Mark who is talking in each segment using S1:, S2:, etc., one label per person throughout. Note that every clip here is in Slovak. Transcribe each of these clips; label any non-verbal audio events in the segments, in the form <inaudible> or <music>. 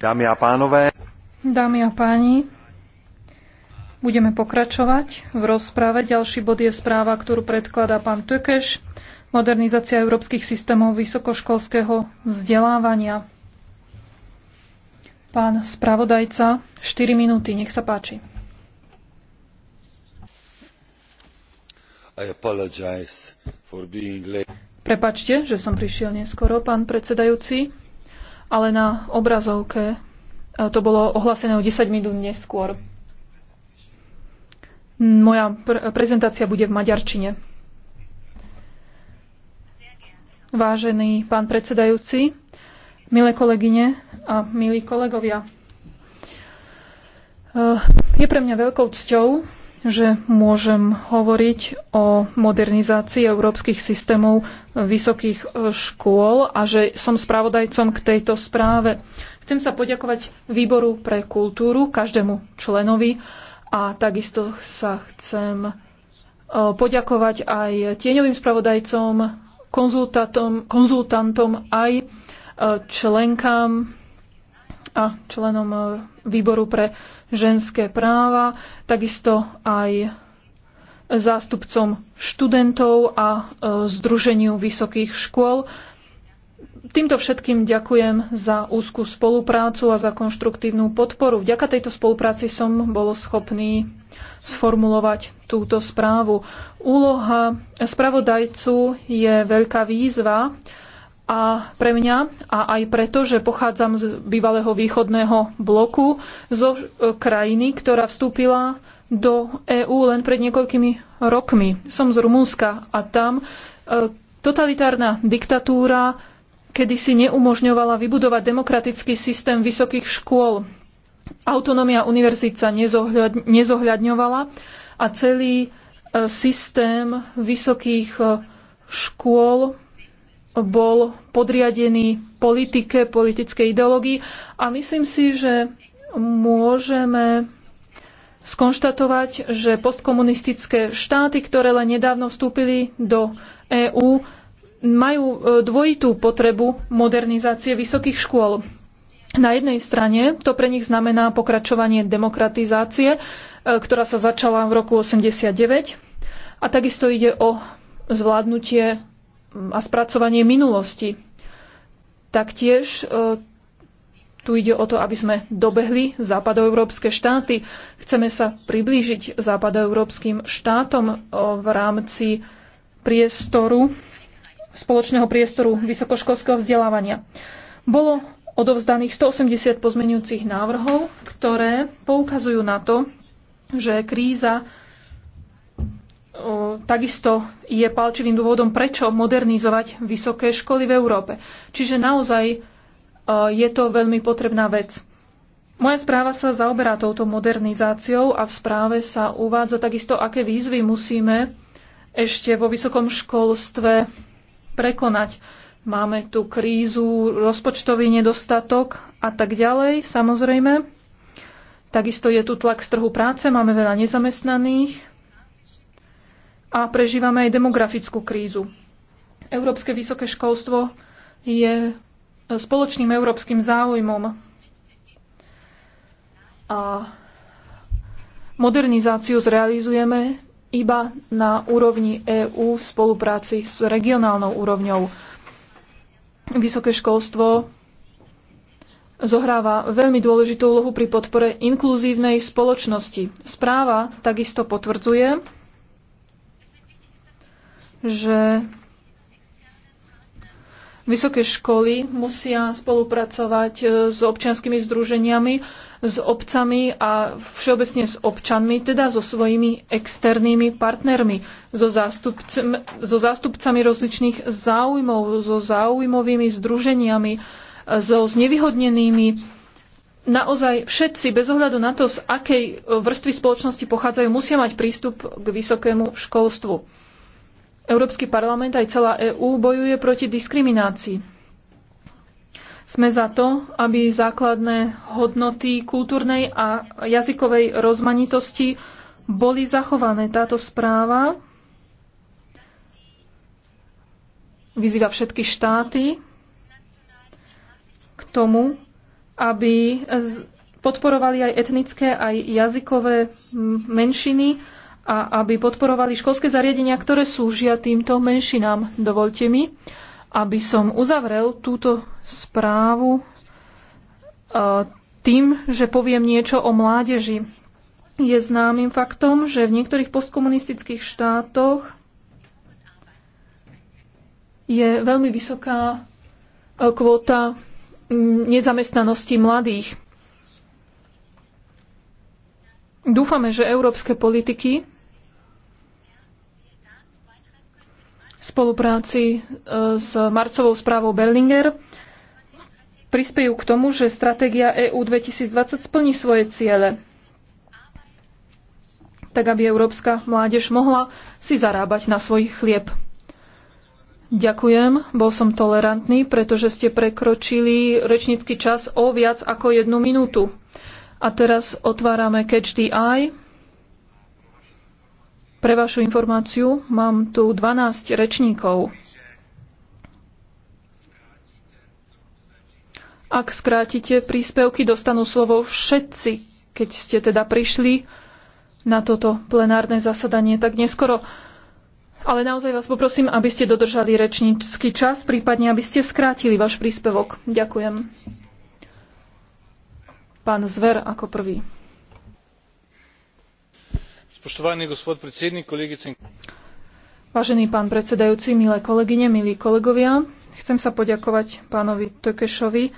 S1: Dámy a pánové.
S2: Dámy a páni, budeme pokračovať v rozprave. Ďalší bod je správa, ktorú predkladá pán Tökeš. Modernizácia európskych systémov vysokoškolského vzdelávania. Pán spravodajca, 4 minúty, nech sa páči. Prepačte, že som prišiel neskoro, pán predsedajúci ale na obrazovke e, to bolo ohlásené o 10 minút neskôr. Moja pr- prezentácia bude v maďarčine. Vážený pán predsedajúci, milé kolegyne a milí kolegovia, e, je pre mňa veľkou cťou že môžem hovoriť o modernizácii európskych systémov vysokých e, škôl a že som spravodajcom k tejto správe. Chcem sa poďakovať Výboru pre kultúru, každému členovi a takisto sa chcem e, poďakovať aj tieňovým spravodajcom, konzultantom, konzultantom aj e, členkám a členom Výboru pre ženské práva, takisto aj zástupcom študentov a e, Združeniu vysokých škôl. Týmto všetkým ďakujem za úzkú spoluprácu a za konštruktívnu podporu. Vďaka tejto spolupráci som bol schopný sformulovať túto správu. Úloha spravodajcu je veľká výzva, a pre mňa a aj preto, že pochádzam z bývalého východného bloku, zo e, krajiny, ktorá vstúpila do EÚ len pred niekoľkými rokmi. Som z Rumunska a tam e, totalitárna diktatúra kedysi neumožňovala vybudovať demokratický systém vysokých škôl. Autonómia univerzít sa nezohľadňovala a celý e, systém vysokých škôl bol podriadený politike, politickej ideológii a myslím si, že môžeme skonštatovať, že postkomunistické štáty, ktoré len nedávno vstúpili do EÚ, majú e, dvojitú potrebu modernizácie vysokých škôl. Na jednej strane to pre nich znamená pokračovanie demokratizácie, e, ktorá sa začala v roku 89 a takisto ide o zvládnutie a spracovanie minulosti. Taktiež e, tu ide o to, aby sme dobehli západoeurópske štáty. Chceme sa priblížiť západoeurópskym štátom e, v rámci priestoru, spoločného priestoru vysokoškolského vzdelávania. Bolo odovzdaných 180 pozmenujúcich návrhov, ktoré poukazujú na to, že kríza takisto je palčivým dôvodom, prečo modernizovať vysoké školy v Európe. Čiže naozaj e, je to veľmi potrebná vec. Moja správa sa zaoberá touto modernizáciou a v správe sa uvádza takisto, aké výzvy musíme ešte vo vysokom školstve prekonať. Máme tu krízu, rozpočtový nedostatok a tak ďalej, samozrejme. Takisto je tu tlak z trhu práce, máme veľa nezamestnaných, a prežívame aj demografickú krízu. Európske vysoké školstvo je spoločným európskym záujmom a modernizáciu zrealizujeme iba na úrovni EÚ v spolupráci s regionálnou úrovňou. Vysoké školstvo zohráva veľmi dôležitú úlohu pri podpore inkluzívnej spoločnosti. Správa takisto potvrdzuje, že vysoké školy musia spolupracovať e, s občianskými združeniami, s obcami a všeobecne s občanmi, teda so svojimi externými partnermi, so, zástupcami, so zástupcami rozličných záujmov, so záujmovými združeniami, e, so znevýhodnenými. Naozaj všetci, bez ohľadu na to, z akej vrstvy spoločnosti pochádzajú, musia mať prístup k vysokému školstvu. Európsky parlament aj celá EÚ bojuje proti diskriminácii. Sme za to, aby základné hodnoty kultúrnej a jazykovej rozmanitosti boli zachované. Táto správa vyzýva všetky štáty k tomu, aby podporovali aj etnické, aj jazykové menšiny, a aby podporovali školské zariadenia, ktoré slúžia týmto menšinám. Dovolte mi, aby som uzavrel túto správu e, tým, že poviem niečo o mládeži. Je známym faktom, že v niektorých postkomunistických štátoch je veľmi vysoká e, kvóta nezamestnanosti mladých. Dúfame, že európske politiky spolupráci e, s marcovou správou Bellinger prispejú k tomu, že stratégia EU 2020 splní svoje ciele, tak aby európska mládež mohla si zarábať na svoj chlieb. Ďakujem, bol som tolerantný, pretože ste prekročili rečnícky čas o viac ako jednu minútu. A teraz otvárame Catch the Eye. Pre vašu informáciu mám tu 12 rečníkov. Ak skrátite príspevky, dostanú slovo všetci, keď ste teda prišli na toto plenárne zasadanie tak neskoro. Ale naozaj vás poprosím, aby ste dodržali rečnícky čas, prípadne aby ste skrátili váš príspevok. Ďakujem. Pán Zver ako prvý. Vážený pán predsedajúci, milé kolegyne, milí kolegovia, chcem sa poďakovať pánovi Tökešovi,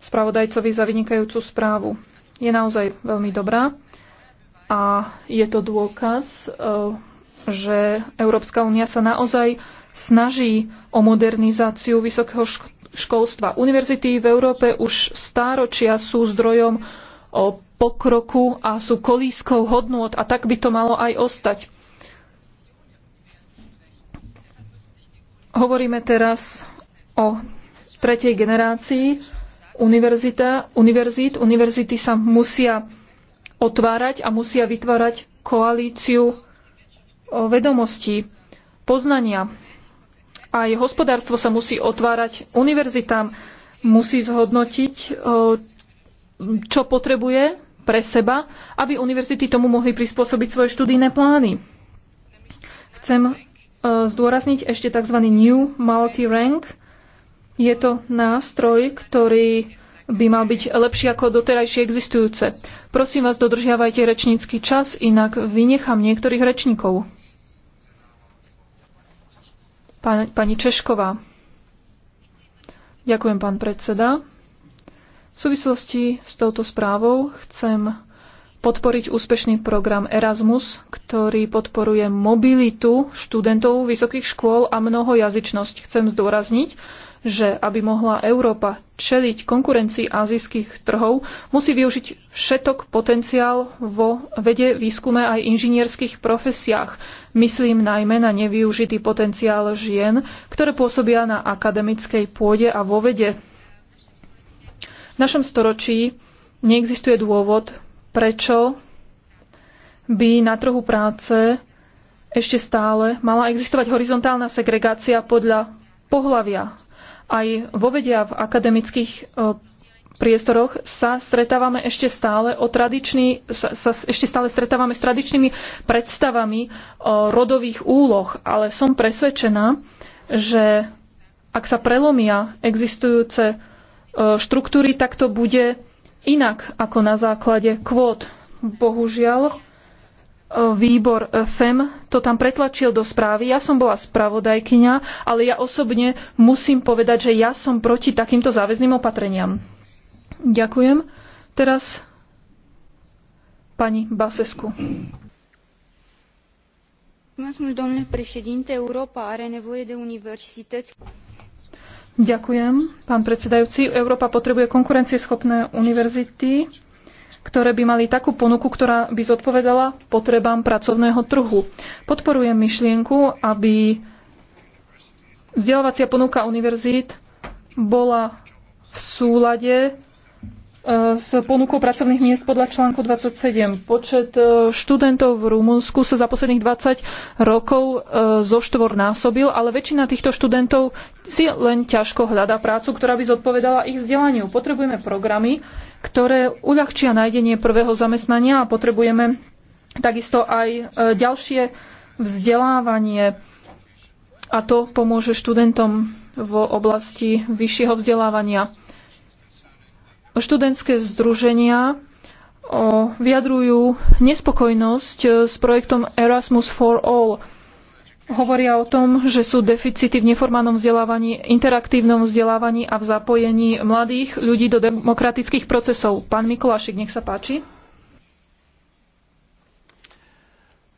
S2: spravodajcovi za vynikajúcu správu. Je naozaj veľmi dobrá a je to dôkaz, e, že Európska únia sa naozaj snaží o modernizáciu vysokého školstva. Univerzity v Európe už stáročia sú zdrojom o pokroku a sú kolískou hodnôt a tak by to malo aj ostať. Hovoríme teraz o tretej generácii univerzita, univerzít. Univerzity sa musia otvárať a musia vytvárať koalíciu vedomostí, poznania. Aj hospodárstvo sa musí otvárať univerzitám, musí zhodnotiť, čo potrebuje pre seba, aby univerzity tomu mohli prispôsobiť svoje študijné plány. Chcem e, zdôrazniť ešte tzv. New Multi-Rank. Je to nástroj, ktorý by mal byť lepší ako doterajšie existujúce. Prosím vás, dodržiavajte rečnícky čas, inak vynechám niektorých rečníkov. Pani Češková. Ďakujem, pán predseda. V súvislosti s touto správou chcem podporiť úspešný program Erasmus, ktorý podporuje mobilitu študentov vysokých škôl a mnohojazyčnosť. Chcem zdôrazniť, že aby mohla Európa čeliť konkurencii azijských trhov, musí využiť všetok potenciál vo vede, výskume aj inžinierských profesiách. Myslím najmä na nevyužitý potenciál žien, ktoré pôsobia na akademickej pôde a vo vede. V našom storočí neexistuje dôvod, prečo by na trhu práce ešte stále mala existovať horizontálna segregácia podľa pohlavia. Aj vo vedia v akademických e, priestoroch sa stretávame ešte stále o tradičný, sa, sa ešte stále stretávame s tradičnými predstavami o e, rodových úloh, ale som presvedčená, že ak sa prelomia existujúce E, štruktúry, tak to bude inak ako na základe kvót. Bohužiaľ, e, výbor FEM to tam pretlačil do správy. Ja som bola spravodajkyňa, ale ja osobne musím povedať, že ja som proti takýmto záväzným opatreniam. Ďakujem. Teraz pani Basesku.
S3: Mulțumesc, domnule președinte. Europa are nevoie de universități.
S2: Ďakujem, pán predsedajúci. Európa potrebuje konkurencieschopné univerzity, ktoré by mali takú ponuku, ktorá by zodpovedala potrebám pracovného trhu. Podporujem myšlienku, aby vzdelávacia ponuka univerzít bola v súlade E, s ponukou pracovných miest podľa článku 27. Počet e, študentov v Rumunsku sa za posledných 20 rokov e, zo násobil, ale väčšina týchto študentov si len ťažko hľadá prácu, ktorá by zodpovedala ich vzdelaniu. Potrebujeme programy, ktoré uľahčia nájdenie prvého zamestnania a potrebujeme takisto aj ďalšie vzdelávanie a to pomôže študentom v oblasti vyššieho vzdelávania študentské združenia eh, vyjadrujú nespokojnosť eh, s projektom Erasmus for All. Hovoria o tom, že sú deficity v neformálnom vzdelávaní, interaktívnom vzdelávaní a v zapojení mladých ľudí do demokratických procesov. Pán Mikulášik, nech sa páči.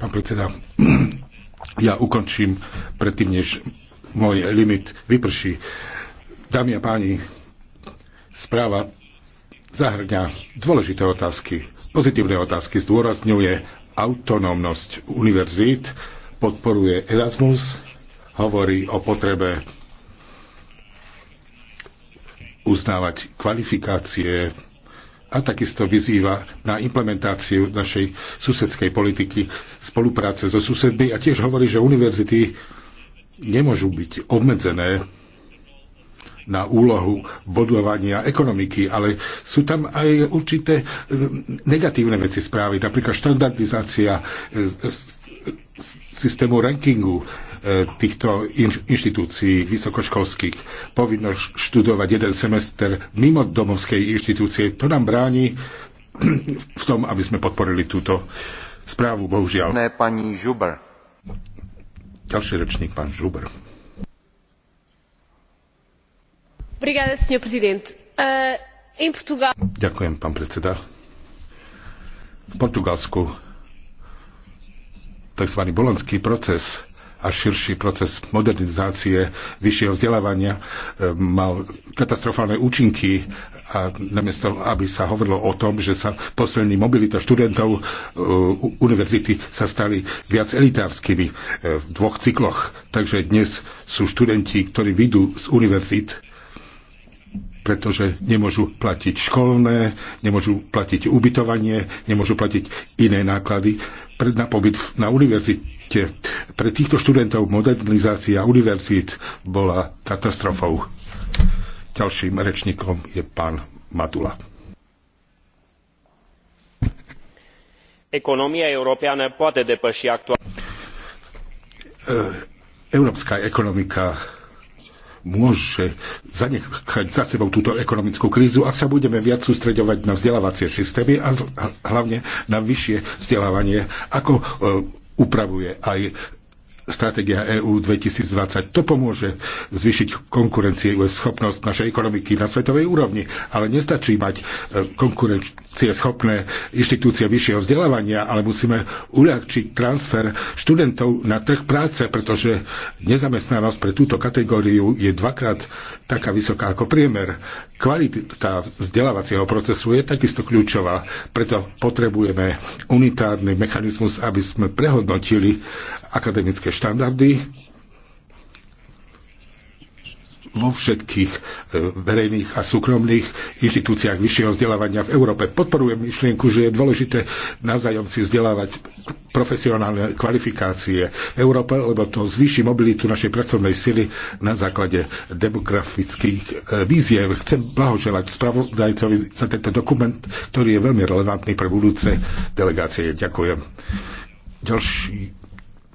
S4: Pán predseda, <clears throat> ja ukončím predtým, než môj limit vyprší. Dámy a páni, správa zahrňa dôležité otázky, pozitívne otázky, zdôrazňuje autonómnosť univerzít, podporuje Erasmus, hovorí o potrebe uznávať kvalifikácie a takisto vyzýva na implementáciu našej susedskej politiky spolupráce so susedmi a tiež hovorí, že univerzity nemôžu byť obmedzené na úlohu bodovania ekonomiky, ale sú tam aj určité e, negatívne veci správy, napríklad štandardizácia e, systému rankingu, E, týchto inštitúcií vysokoškolských. Povinno študovať jeden semester mimo domovskej inštitúcie. To nám bráni v tom, aby sme podporili túto správu, bohužiaľ. Ne, pani Žuber. Ďalší rečník, pán Žuber.
S2: Obrigada, senhor presidente. Uh, em Portugal...
S4: Ďakujem, pán predseda. V Portugalsku tzv. bolonský proces a širší proces modernizácie vyššieho vzdelávania e, mal katastrofálne účinky a namiesto, aby sa hovorilo o tom, že sa posilní mobilita študentov e, univerzity sa stali viac elitárskymi e, v dvoch cykloch. Takže dnes sú študenti, ktorí vyjdú z univerzit, pretože nemôžu platiť školné, nemôžu platiť ubytovanie, nemôžu platiť iné náklady na pobyt na univerzite Egypte. Pre týchto študentov modernizácia univerzít bola katastrofou. Ďalším rečníkom je pán Matula.
S1: Ekonomia europeană poate depăși actual... E,
S4: európska ekonomika môže zanechať za sebou túto ekonomickú krízu, ak sa budeme viac sústreďovať na vzdelávacie systémy a hlavne na vyššie vzdelávanie ako e, upravuje aj stratégia EÚ 2020. To pomôže zvýšiť konkurenciu schopnosť našej ekonomiky na svetovej úrovni, ale nestačí mať e, konkurencie schopné inštitúcie vyššieho vzdelávania, ale musíme uľahčiť transfer študentov na trh práce, pretože nezamestnanosť pre túto kategóriu je dvakrát taká vysoká ako priemer. Kvalita vzdelávacieho procesu je takisto kľúčová, preto potrebujeme unitárny mechanizmus, aby sme prehodnotili akademické štandardy vo všetkých e, verejných a súkromných inštitúciách vyššieho vzdelávania v Európe. Podporujem myšlienku, že je dôležité navzájom si vzdelávať profesionálne kvalifikácie Európe, lebo to zvýši mobilitu našej pracovnej sily na základe demografických e, víziev. Chcem blahoželať spravodajcovi za tento dokument, ktorý je veľmi relevantný pre budúce delegácie. Ďakujem. Ďalší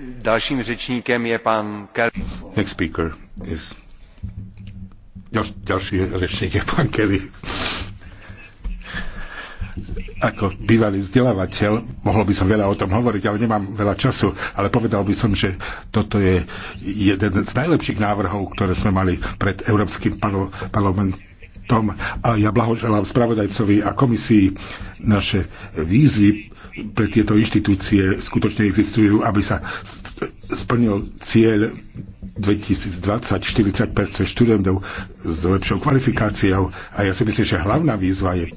S1: Ďalším řečníkem je pán Kelly.
S4: Next speaker is... Ďal, ďalší rečník je pán Kelly. Ako bývalý vzdelávateľ, mohlo by som veľa o tom hovoriť, ale nemám veľa času, ale povedal by som, že toto je jeden z najlepších návrhov, ktoré sme mali pred Európskym parlamentom tom a ja blahoželám spravodajcovi a komisii naše výzvy pre tieto inštitúcie skutočne existujú, aby sa splnil cieľ 2020 40 študentov s lepšou kvalifikáciou. A ja si myslím, že hlavná výzva je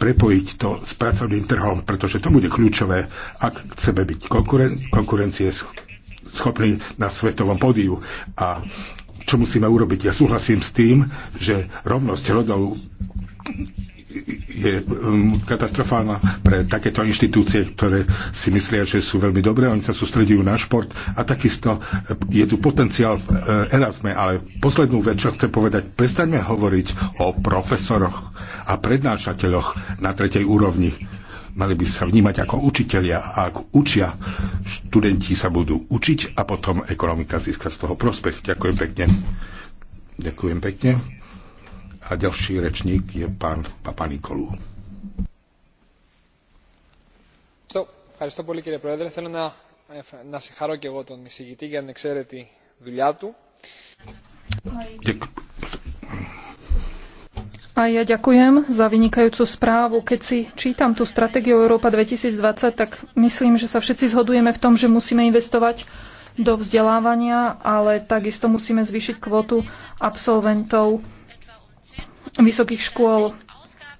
S4: prepojiť to s pracovným trhom, pretože to bude kľúčové, ak chceme byť konkuren- konkurencie schopní na svetovom podiu. A čo musíme urobiť? Ja súhlasím s tým, že rovnosť rodov je um, katastrofálna pre takéto inštitúcie, ktoré si myslia, že sú veľmi dobré, oni sa sústredujú na šport a takisto eh, je tu potenciál v eh, Erasme, ale poslednú vec, čo chcem povedať, prestaňme hovoriť o profesoroch a prednášateľoch na tretej úrovni. Mali by sa vnímať ako učitelia a ak učia, študenti sa budú učiť a potom ekonomika získa z toho prospech. Ďakujem pekne. Ďakujem pekne. A ďalší rečník je pán Papa Nikolu.
S2: A ja ďakujem za vynikajúcu správu. Keď si čítam tú stratégiu Európa 2020, tak myslím, že sa všetci zhodujeme v tom, že musíme investovať do vzdelávania, ale takisto musíme zvýšiť kvotu absolventov vysokých škôl.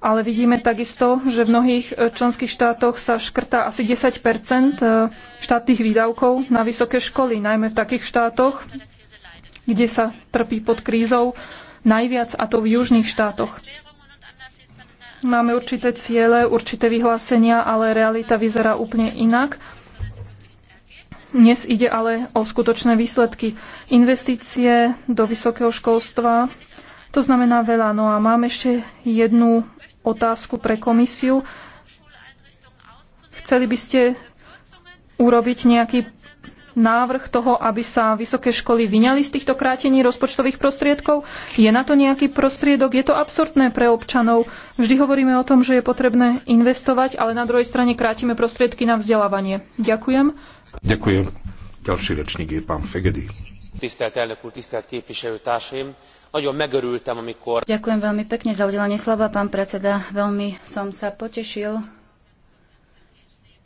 S2: Ale vidíme takisto, že v mnohých e, členských štátoch sa škrtá asi 10 e, štátnych výdavkov na vysoké školy, najmä v takých štátoch, kde sa trpí pod krízou najviac, a to v južných štátoch. Máme určité ciele, určité vyhlásenia, ale realita vyzerá úplne inak. Dnes ide ale o skutočné výsledky. Investície do vysokého školstva to znamená veľa. No a mám ešte jednu otázku pre komisiu. Chceli by ste urobiť nejaký návrh toho, aby sa vysoké školy vyňali z týchto krátení rozpočtových prostriedkov? Je na to nejaký prostriedok? Je to absurdné pre občanov? Vždy hovoríme o tom, že je potrebné investovať, ale na druhej strane krátime prostriedky na vzdelávanie. Ďakujem.
S4: Ďakujem.
S1: Ďalší rečník je pán Fegedy. Tisztelt elnök úr, tisztelt képviselőtársaim! Nagyon megörültem, amikor...
S3: Ďakujem veľmi pekne za udelenie slova, pán predseda. Veľmi som sa potešil,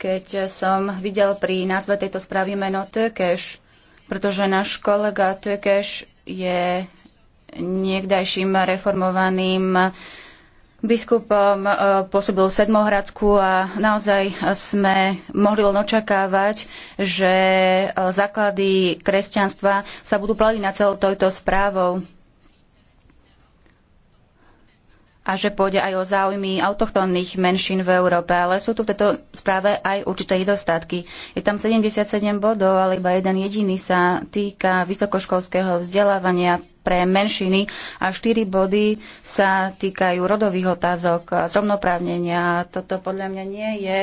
S3: keď som videl pri názve tejto správy meno Tökeš, pretože náš kolega Tökeš je niekdajším reformovaným biskupom, e, pôsobil v Sedmohradsku a naozaj sme mohli len očakávať, že e, základy kresťanstva sa budú plaliť na celou touto správou. a že pôjde aj o záujmy autochtónnych menšín v Európe, ale sú tu v tejto správe aj určité nedostatky. Je tam 77 bodov, ale iba jeden jediný sa týka vysokoškolského vzdelávania pre menšiny a štyri body sa týkajú rodových otázok, zrovnoprávnenia. Toto podľa mňa nie je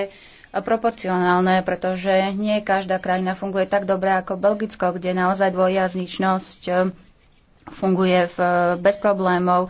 S3: proporcionálne, pretože nie každá krajina funguje tak dobre ako Belgicko, kde naozaj dvojjazyčnosť funguje bez problémov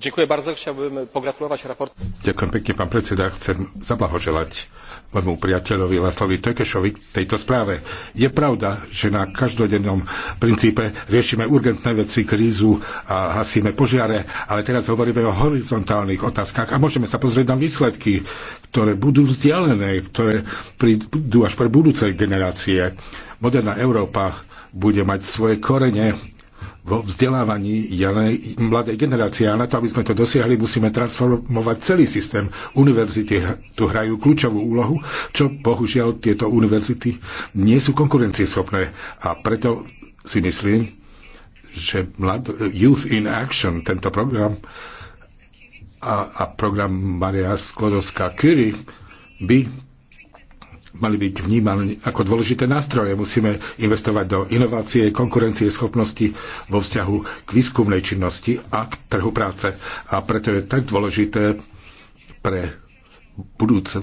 S5: Ďakujem
S4: pekne, pán predseda. Chcem zablahoželať môjmu priateľovi Laslovi Tekešovi tejto správe. Je pravda, že na každodennom princípe riešime urgentné veci, krízu a hasíme požiare, ale teraz hovoríme o horizontálnych otázkach a môžeme sa pozrieť na výsledky, ktoré budú vzdialené, ktoré prídu až pre budúce generácie. Moderná Európa bude mať svoje korene vo vzdelávaní mladej generácie. A na to, aby sme to dosiahli, musíme transformovať celý systém. Univerzity tu hrajú kľúčovú úlohu, čo bohužiaľ tieto univerzity nie sú konkurencieschopné. A preto si myslím, že mlad, Youth in Action, tento program a, a program Maria Sklodovská-Curie by mali byť vnímané ako dôležité nástroje. Musíme investovať do inovácie, konkurencie, schopnosti vo vzťahu k výskumnej činnosti a k trhu práce. A preto je tak dôležité pre budúce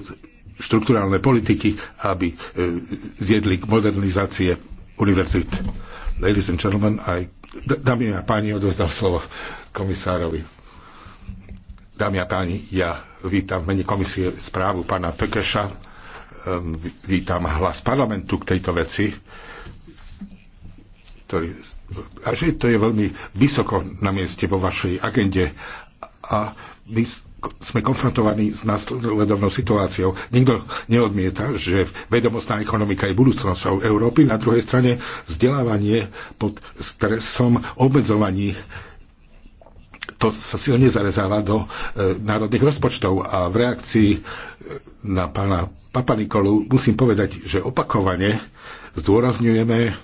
S4: štruktúrálne politiky, aby e, viedli k modernizácie univerzit. Ladies and gentlemen, aj dámy a páni, odozdám slovo komisárovi. Dámy a páni, ja vítam v mene komisie správu pána Pekeša, Ehm, vítam hlas parlamentu k tejto veci, ktorý, a že to je veľmi vysoko na mieste vo vašej agende a my sme konfrontovaní s následovnou situáciou. Nikto neodmieta, že vedomostná ekonomika je budúcnosťou Európy, na druhej strane vzdelávanie pod stresom obmedzovaní to sa silne zarezáva do e, národných rozpočtov. A v reakcii e, na pána Papa Nikolu musím povedať, že opakovane zdôrazňujeme,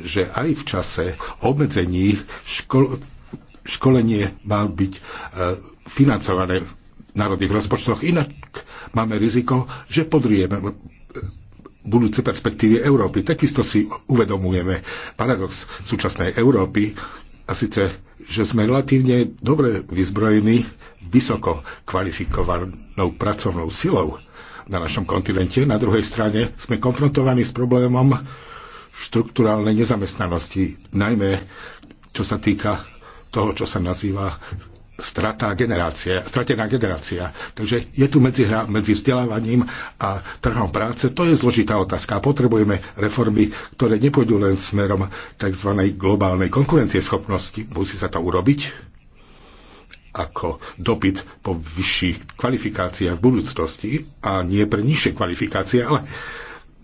S4: že aj v čase obmedzení škol, školenie má byť e, financované v národných rozpočtoch. Inak máme riziko, že podrieme budúce perspektívy Európy. Takisto si uvedomujeme paradox súčasnej Európy, a síce, že sme relatívne dobre vyzbrojení vysoko kvalifikovanou pracovnou silou na našom kontinente. Na druhej strane sme konfrontovaní s problémom štruktúrálnej nezamestnanosti, najmä čo sa týka toho, čo sa nazýva stratá generácia, stratená generácia. Takže je tu medzihra medzi vzdelávaním a trhom práce. To je zložitá otázka. Potrebujeme reformy, ktoré nepôjdu len smerom tzv. globálnej konkurencieschopnosti. Musí sa to urobiť ako dopyt po vyšších kvalifikáciách v budúcnosti a nie pre nižšie kvalifikácie, ale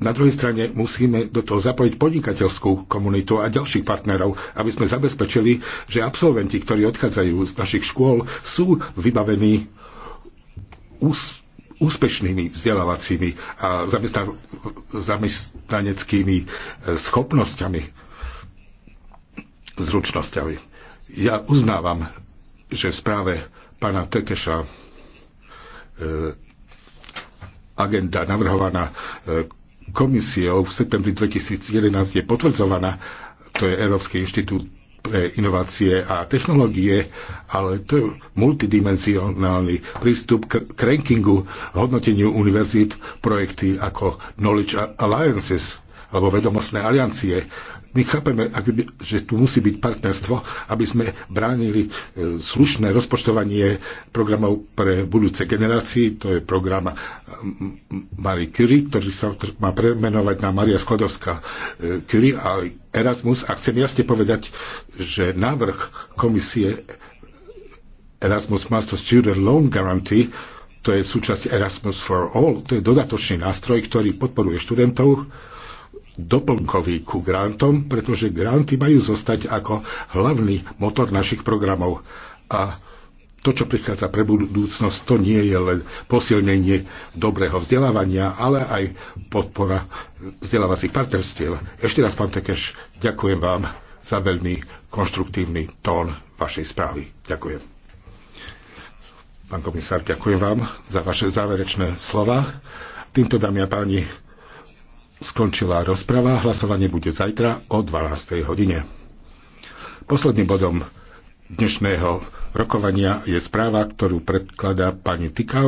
S4: na druhej strane musíme do toho zapojiť podnikateľskú komunitu a ďalších partnerov, aby sme zabezpečili, že absolventi, ktorí odchádzajú z našich škôl, sú vybavení ús- úspešnými vzdelávacími a zamestna- zamestnaneckými eh, schopnosťami, zručnosťami. Ja uznávam, že v správe pána Tekeša e, eh, agenda navrhovaná e, komisiou v septembri 2011 je potvrdzovaná, to je Európsky inštitút pre inovácie a technológie, ale to je multidimenzionálny prístup k, k rankingu, hodnoteniu univerzít, projekty ako Knowledge Alliances alebo vedomostné aliancie, my chápeme, že tu musí byť partnerstvo, aby sme bránili e, slušné rozpočtovanie programov pre budúce generácie. To je program e, Marie Curie, ktorý sa má premenovať na Maria Skladovská e, Curie a Erasmus. A chcem jasne povedať, že návrh komisie Erasmus Master Student Loan Guarantee to je súčasť Erasmus for All, to je dodatočný nástroj, ktorý podporuje študentov, doplnkový ku grantom, pretože granty majú zostať ako hlavný motor našich programov. A to, čo prichádza pre budúcnosť, to nie je len posilnenie dobrého vzdelávania, ale aj podpora vzdelávacích partnerstiev. Ešte raz, pán Tekeš, ďakujem vám za veľmi konštruktívny tón vašej správy. Ďakujem. Pán komisár, ďakujem vám za vaše záverečné slova. Týmto, dámy a páni, Skončila rozprava, hlasovanie bude zajtra o 12. hodine. Posledným bodom dnešného rokovania je správa, ktorú predkladá pani Tikau.